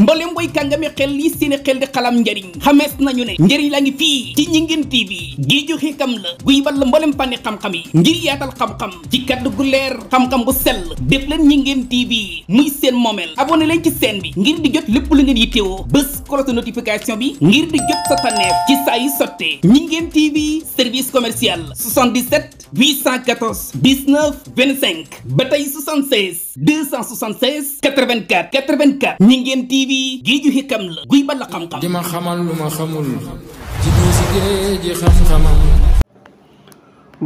mbooleem boy kàngami xel yi seeni xel di xalam njariñ xamees nañu ne njariñ laa ngi fii ci Gninguène TV gii ju xikam la guy ball mbalem fànni xam-xam yi ngir yaatal xam-xam ci kaddu gu leer xam-xam bu sell def leen Gninguène TV muy seen moomeel abonné leen ci seen bi ngir di jot lépp lu ngeen yittewoo bés cloche notification bi ngir di jot sa tànneef ci saa yu sottee Gninguène TV service commercial 77 814 19 25 ba tey 76 276 84 84 ñi ngeen TV géeju xikam la guy ba ma xamal lu ma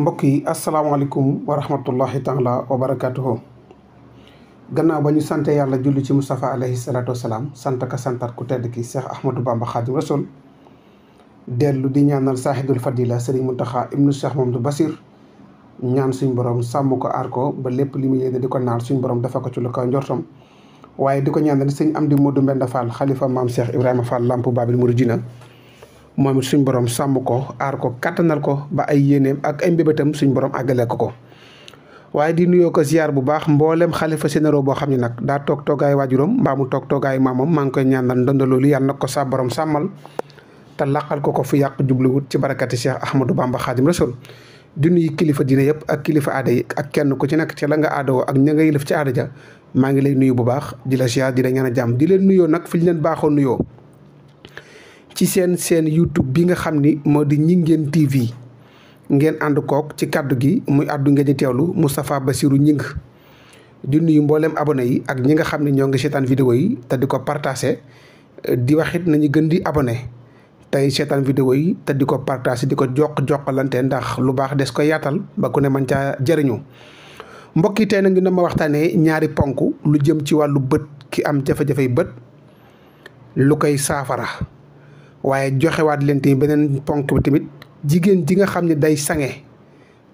mbokk yi asalaamaaleykum wa rahmatullahi taala wa barakaatuhu gannaaw ba ñu sante yàlla julli ci Moustapha alayhi salaatu wasalaam sant ka santaat ku tedd ki Cheikh Ahmadou Bamba Khadim Rasoul dellu di ñaanal saaxidul fadila Serigne Mountakha ibnu Cheikh Mamadou Bassir ñaan suñ borom sàmm ko aar ba lépp li mu yéene di ko naal suñ borom dafa ko ci lu kaw njortam waaye di ko ñaanal sëñ Amdi Modou Mbenda Fall xalifa maam Cheikh Ibrahima Fall Lamp Babil Mouridina moom it suñ borom sàmm ko aar ko kattanal ko ba ay yéeneem ak ay mbébétam suñ borom àggale ko ko. waaye di nuyoo ko ziar bu baax mbooleem xalifa sénéro boo xam ne nag daa toog toogaayu waajuram mbaa mu toog toogaayu maamam maa ngi koy ñaanal ndondaloolu yàlla na ko sa borom sàmmal te laqal ko ko fu yàq jubluwut ci barakati Cheikh Ahmadou Bamba Khadim Rasoul di nuyu kilifa diine yëpp ak kilifa aada yi ak kenn ku ci nekk ci la nga aadawoo ak ña nga yëlëf ci aada ja maa ngi lay nuyu bu baax di la ziar di la a jàmm di leen nuyoo nag fi leen baaxoo nuyoo ci seen seen YouTube bi nga xam ni moo di Gninguène TV ngeen ànd kook ci kàddu gi muy àddu ngeen di teewlu Moustapha Bassirou Gningue di nuyu mbooleem abonné yi ak ñi nga xam ne ñoo ngi seetaan vidéo yi te di ko partagé di waxit nañu gën di abonné tey seetaan vidéo yi te di ko partage di ko jokk jokkalante ndax lu baax des ko yaatal ba ku ne man caa jëriñu mbokk yi tey nag ñu waxtaanee ñaari ponk lu jëm ci wàllu bët ki am jafe-jafey bët lu koy saafara waaye joxewaat leen tamit beneen ponk bi tamit jigéen ji nga xam ne day sange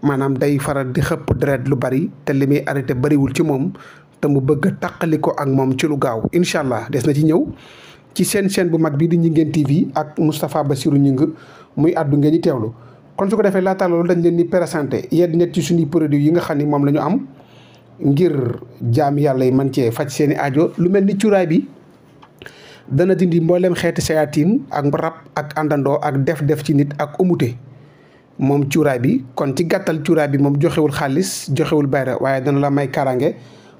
maanaam day faral di xëpp deret lu bari te li muy arrêté bariwul ci moom te mu bëgg taqali ko ak moom ci lu gaaw incha allah des na ci ñëw. ci seen chaîne bu mag bii di Gninguène TV ak Moustapha Bassirou Gningue muy àddu ngeen di teewlu kon su ko defee laata loolu dañ leen di présenté yenn ñett ci suñuy produit yi nga xam ni moom lañu am ngir jaam yàlla yi man cee faj seen i aajo lu mel ni cuuraay bi dana dindi mboolem xeeti sayaatin ak mbarab ak àndandoo ak def-def ci nit ak umute moom cuuraay bi kon ci gàttal cuuraay bi moom joxewul xaalis joxewul bayra waaye dana la may kaaraange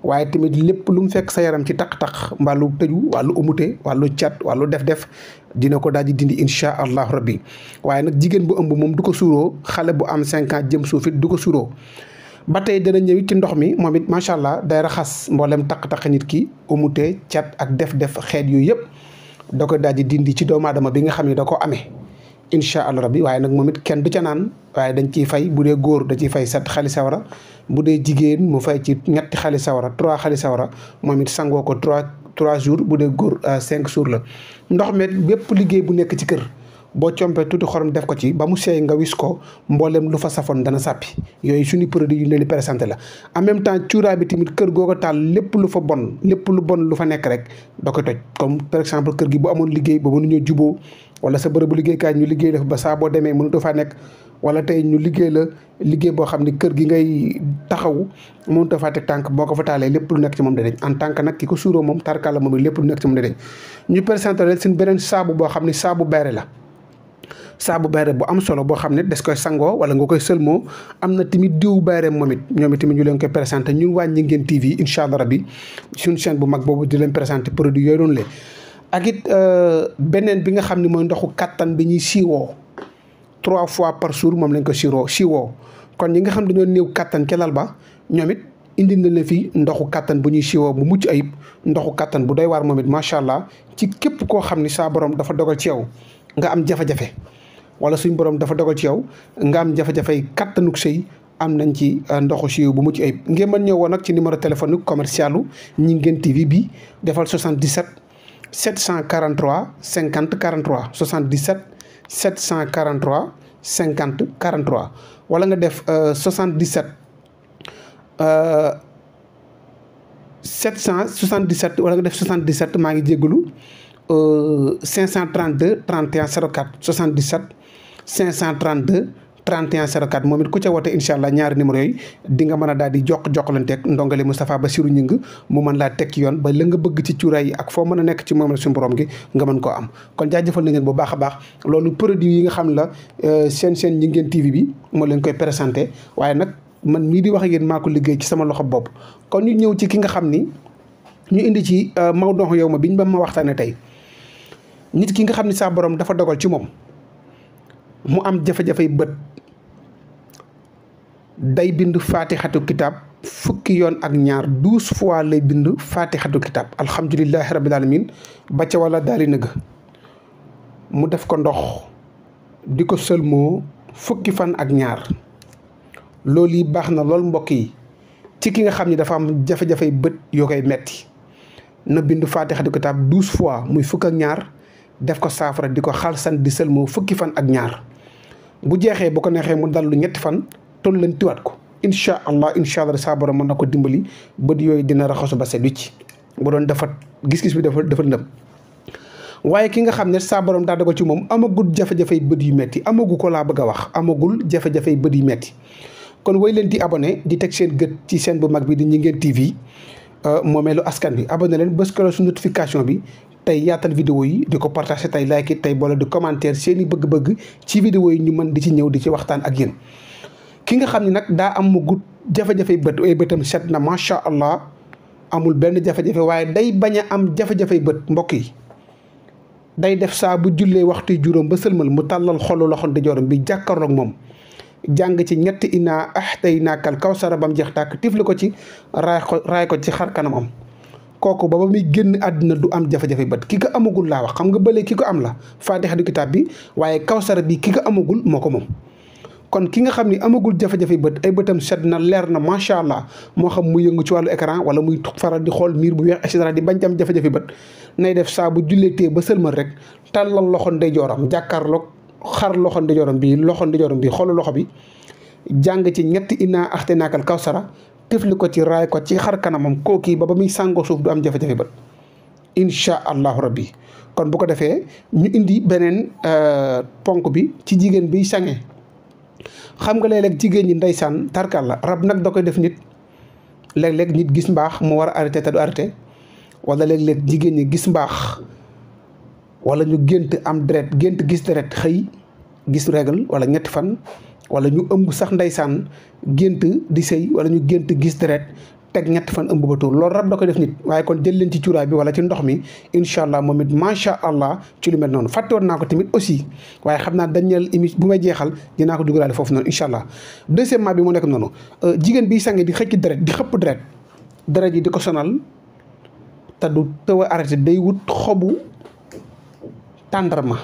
waaye tamit lépp lu mu fekk sa yaram ci taq-taq mbaalu tëju wàllu umute wàllu cat wàllu def-def dina ko daal di dindi incha allahu rabbi waaye nag jigéen bu ëmb moom du ko suuroo xale bu am cinq ans jëm suufit du ko suuroo ba tey dana ñëw ci ndox mi moom it macha allah day raxas mboolem taq-taq nit ki umute cat ak def-def xeet yooyu yëpp da ko daal dindi ci doomu aadama bi nga xam ne da ko amee incha allah rabbi waaye nag moom it kenn du ca naan waaye dañ ciy fay bu dee góor da ciy fay set xali sawara bu dee jigéen mu fay ci ñetti xali sawara trois xali sawara moom it sangoo ko trois trois jours bu dee góor euh, cinq jours la ndox mi bépp liggéey bu nekk ci kër boo compee tuuti xorom def ko ci ba mu seey nga wis ko mboolem lu fa safoon dana sàppi yooyu suñu produit yu leen di présenté la en temps cuuraay bi tamit kër goo ko taal lépp lu fa bon lépp lu bon lu fa nekk rek da koy toj comme par exemple gi bu amoon liggéey ba mënuñoo juboo wala sa bërëbu liggéeykaay ñu liggéey la ba saa demee mënutoo faa nekk wala tey ñu liggéey la liggéey boo xam ne kër gi ngay taxaw mënutoo faa teg tànk boo ko fa taalee lépp lu nekk ci moom da deñ en tant nag ki ko suuroo moom tarkala moom lépp lu nekk ci moom da deñ ñu présenté leen seen beneen saabu boo xam ne saabu bayre la saabu bayre bu am solo boo xam ne des koy sangoo wala nga koy sëlmoo am na tamit diw bayre moom it ñoom itamit ñu leen koy présenté ñu waa ñi ngeen TV incha allah rabbi suñu chaîne bu mag boobu di leen présenté produit yooyu doonu euh, beneen bi nga xam ne mooy ndoxu kattan bi ñuy siiwoo trois fois par jour moom lañ ko siiroo siiwoo kon ñi nga xam dañoo néew kattan ca lal ba ñoom it indi na la fii ndoxu kattan bu ñuy siwoo bu mucc ayib ndoxu kàttan bu doy waar moom it macha allah ci képp koo xam ni saa borom dafa dogal ci yow nga am jafe-jafe. wala suñ borom dafa dogal ci yow nga am jafe-jafey kattanug sëy am nañ ci euh, ndoxu siiw bu mucc ayib ngeen mën ñëw woon nag ci numéro téléphonique commercialu ñi ngeen TV bi defal 77 743 50 43 77 743 50 43 wala nga def 77 euh, 777 euh, wala nga def 77 maa ngi jégalu 532 31 04 77 532 31 04 moom it ku ca woote incha allah ñaari numéro yooyu di nga mën a daal di jokk jokkalanteeg ndongale Moustapha Bassirou Gningue mu man laa ci yoon ba la nga bëgg ci cuuraay yi ak foo mën a nekk ci moom la suñu borom gi nga mën koo am kon jaajëfal nañ leen bu baax a baax loolu produit yi nga xam la euh, seen seen ñi ngeen TV bi moo leen koy présenté waaye nag man mii di wax ak yéen maa ko liggéey ci sama loxo bopp kon ñu ñëw ci ki nga xam ni ñu indi ci euh, Maodo yow ma biñ ba ma waxtaanee tey nit ki nga xam ni saa borom dafa dogal ci moom mu am jafe-jafey bët day bind faatixatu kitaab fukki yoon ak ñaar douze fois lay bind faatixatu kitaab alhamdulilahi rabil alamin ba ca wala daali nëgg mu def ko ndox di ko sëlmoo fukki fan ak ñaar loolu yi baax na loolu mbokk yi ci ki nga xam ni dafa am jafe-jafey bët yoo koy metti na bind faatixatu kitaab douze fois muy fukk ak ñaar def ko saafara di ko xalsan di sëlmoo fukki fan ak ñaar bu jeexee bu ko neexee mu lu ñetti fan toll leen tiwaat ko incha allah incha allah saa borom mën na ko dimbali bët yooyu dina raxasu ba set ci bu doon dafa gis-gis bi dafa dafa ndëm waaye ki nga xam ne saa borom daa dogal ci moom amagul jafe-jafey bët yu metti amagu ko laa bëgg a wax amagul jafe-jafey bët yu metti kon way leen di abonné di teg seen gët ci seen bu mag bi di Gninguène TV euh, moomeelu askan bi abonné leen bës ko su notification bi tey yaatal video yi di ko partager tey like tey boole di commentaire seeni bëgg-bëgg ci vidéo yi ñu mën di ci ñëw di ci waxtaan ak yéen ki nga xam ne nag daa am mu gudd jafe-jafe bët ay bëtam set na macha allah amul benn jafe-jafe waaye day bañ a am jafe-jafe bët mbokk yi day def saabu bu jullee waxtu yu juróom ba sëlmal mu tàllal xolu loxo ndeyjooram bi jàkkaarloog moom jàng ci ñetti inaa nàkkal kawsara bam jeex tàkk tifli ko ci raay ko ci xar kanamam kooku ba ba muy génn àddina du am jafe-jafe bët ki ko amagul laa wax xam nga bële ki ko am la faatixa du kitaab bi waaye kawsara bi ki ko amagul moo ko moom kon ki nga xam ni amagul jafe-jafe bët ay bëtam set na leer na macha allah moo xam muy yëngu ci wàllu ecran wala muy faral di xool miir bu weex et cetera di bañ am jafe-jafe bët nay def saa bu tee ba sëlmal rek tàllal loxo ndeyjooram jàkkaarloog xar loxo ndeyjooram bi loxo ndeyjooram bi xoolu loxo bi jàng ci ñetti inaa axte naakal kawsara tefli ko ci raay ko ci xar kanamam kooki ba ba muy sàngoo suuf du am jafe-jafe bët incha allahu rabbi kon bu ko defee ñu indi beneen euh, ponk bi ci jigéen biy sange xam nga léeg-léeg jigéen ñi ndeysaan tarkal la rab nag da koy def nit léeg-léeg nit gis mbaax mu war a arrêté te du arrêté wala léeg-léeg jigéen ñi gis mbaax wala ñu gént am deret gént gis deret xëy gis règle wala ñetti fan wala ñu ëmb sax ndeysaan gént di sëy wala ñu gént gis deret teg ñett fan ëmb ba tuur loolu rab da ko def nit waaye kon jël leen ci cuuraay bi wala ci ndox mi incha allah moom it macha allah ci lu mel noonu fàtte woon naa ko tamit aussi waaye xam naa dañeel émission bu may jeexal dinaa ko dugalaale foofu noonu incha allah deuxièmement bi moo nekk noonu euh, jigéen biy sange di xëcc deret di xëpp deret deret yi di ko sonal te du tëw a day wut xobu tàndarma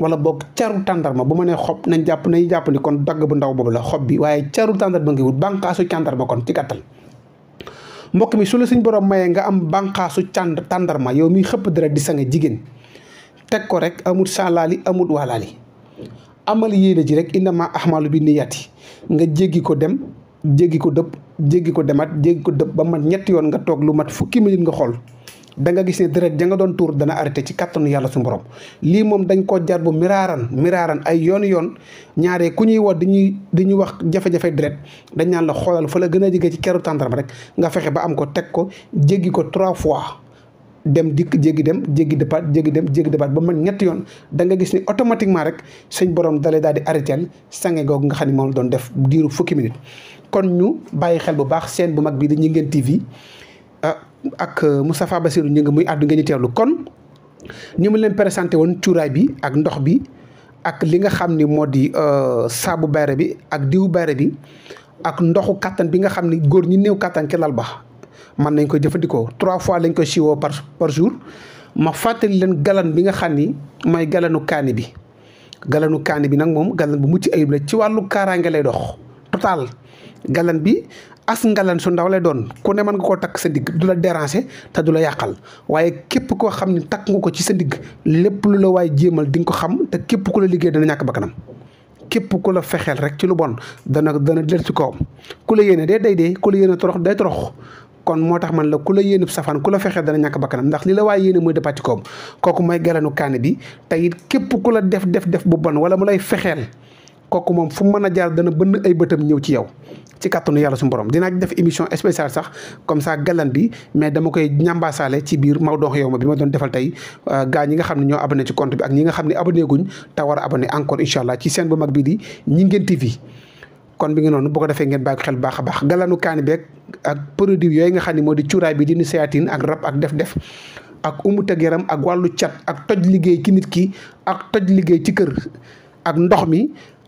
wala boog caru tàndarma bu ma nee xob nañ jàpp nañ jàpp ni kon dagg bu ndaw boobu la xob bi waaye caru tàndarma ngi wut bànqaasu tàndarma kon ci gàttal mbokk mi su la suñ borom mayee nga am bànqaasu cànd tàndarma yow miy xëpp dara di sanga jigéen teg ko rek amul saalaali amul waalaali amal yéene ji rek innama ahmalu bi niyyati nga jéggi ko dem jéggi ko dëpp jéggi ko demaat jéggi ko dëpp ba mat ñetti yoon nga toog lu mat fukki minute nga xool da nga gis ne deret ja doon tour dana arrêté ci kàttanu yàlla su borom lii moom dañ koo jar bu miraaran miraaran ay yoon yoon ñaaree ku ñuy woo diñuy di ñuy wax jafe-jafe deret dañ naan la xoolal fa la gën a jege ci keru tàndarma rek nga fexe ba am ko teg ko jéggi ko trois fois dem dikk jéggi dem jéggi départ jéggi dem jéggi départ ba man ñetti yoon danga gis ni automatiquement rek suñ borom dalee daal di arrêté sange googu nga xam ne moom la doon def diiru fukki minute kon ñu bàyyi xel bu baax seen bu mag bii di Gninguène TV ah ak euh, Moustapha ñu ngi muy àddu ngeen ñu teewlu kon ñu mu leen présenté woon cuuraay bi ak ndox bi ak li nga xam ni moo di euh, saabu bayre bi ak diwu bayre bi ak ndoxu kattan bi nga xam ni góor ñi néew kattan ci ba mën nañ koy jëfandikoo trois fois lañ koy siwoo par par jour ma fàttali leen galan bi nga xam ni mooy galanu kaani bi galanu kaani bi nag moom galan bu mucc ayib la ci wàllu kaaraange lay dox total galan bi as ngalan su ndaw lay doon ku ne mën nga koo takk sa digg du la déranger te du la yàqal waaye képp koo xam ne takk nga ko ci sa digg lépp lu la waaye jéemal di nga ko xam te képp ku la liggéey dana ñàkk bakkanam képp ku la fexeel rek ci lu bon dana dana del ci kawam ku la yéene dee day dee ku la yéene day torox kon moo tax man la ku la yéene safaan ku la fexeel dana ñàkk bakkanam ndax li la waaye yéene mooy dépati kawam kooku mooy galanu kaane bi tey képp ku la def def def bu bon wala mu lay fexeel kooku moom fu mu mën a jaar dana bënn ay bëtam ñëw ci yow ci kàttanu yàlla suñu borom dinaa def émission spéciale sax comme ça galan bi mais dama koy ñambaasaale ci biir Maw Dox Yow ma bi ma doon defal tey euh, gaa ñi nga xam ne ñoo abonné ci compte bi ak ñi nga xam ne abonné guñ te war a abonné encore incha allah ci seen bu mag bi di ñi ngeen TV kon bi nga noonu bu ko defee ngeen baa ko xel bu baax a baax galanu kaani beeg ak produit yooyu nga xam ne moo di cuuraay bi di ni séatine ak rab ak def-def ak umut ak yaram ak wàllu cat ak toj liggéey ci nit ki ak toj liggéey ci kër ak ndox mi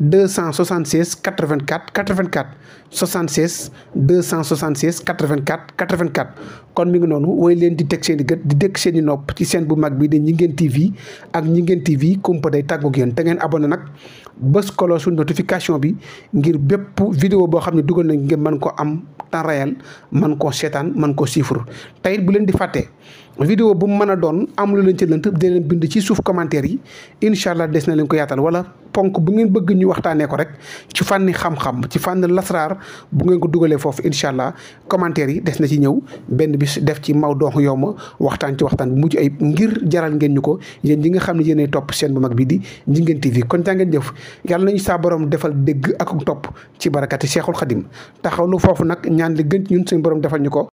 cent 276 84 84 76 276 84 84 kon mi ngi noonu woy leen di teg seen i gët di dégg seen nopp ci seen bu mag bi di ñi ngeen TV ak ñi ngeen TV kumpa day tàggoog yéen te ngeen abonné nag bés koloosu notification bi ngir bépp vidéo boo xam ne dugal nañ ngeen mën ko am temps réel man koo seetaan mën koo chiffre tey bu leen di fàtte. vidéo bu mu mën a doon am lu leen ci lënt dina leen bind ci suuf commentaire yi incha allah des na leen ko yaatal wala ponk bu ngeen bëgg ñu waxtaanee ko rek ci fànni xam-xam ci fànn lasraar bu ngeen ko dugalee foofu incha allah commentaire yi des na ci ñëw benn bis def ci maw donx yow ma waxtaan ci waxtaan bu mujj ay ngir jaral ngeen ñu ko yéen ñi nga xam ne yéenay topp seen bu mag bi di Ndinguène TV kon jàngeen ngeen jëf yàlla nañu saa boroom defal dégg ak topp ci barakati Cheikhul Khadim taxaw lu foofu nag ñaan gën ñun suñu borom defal ñu ko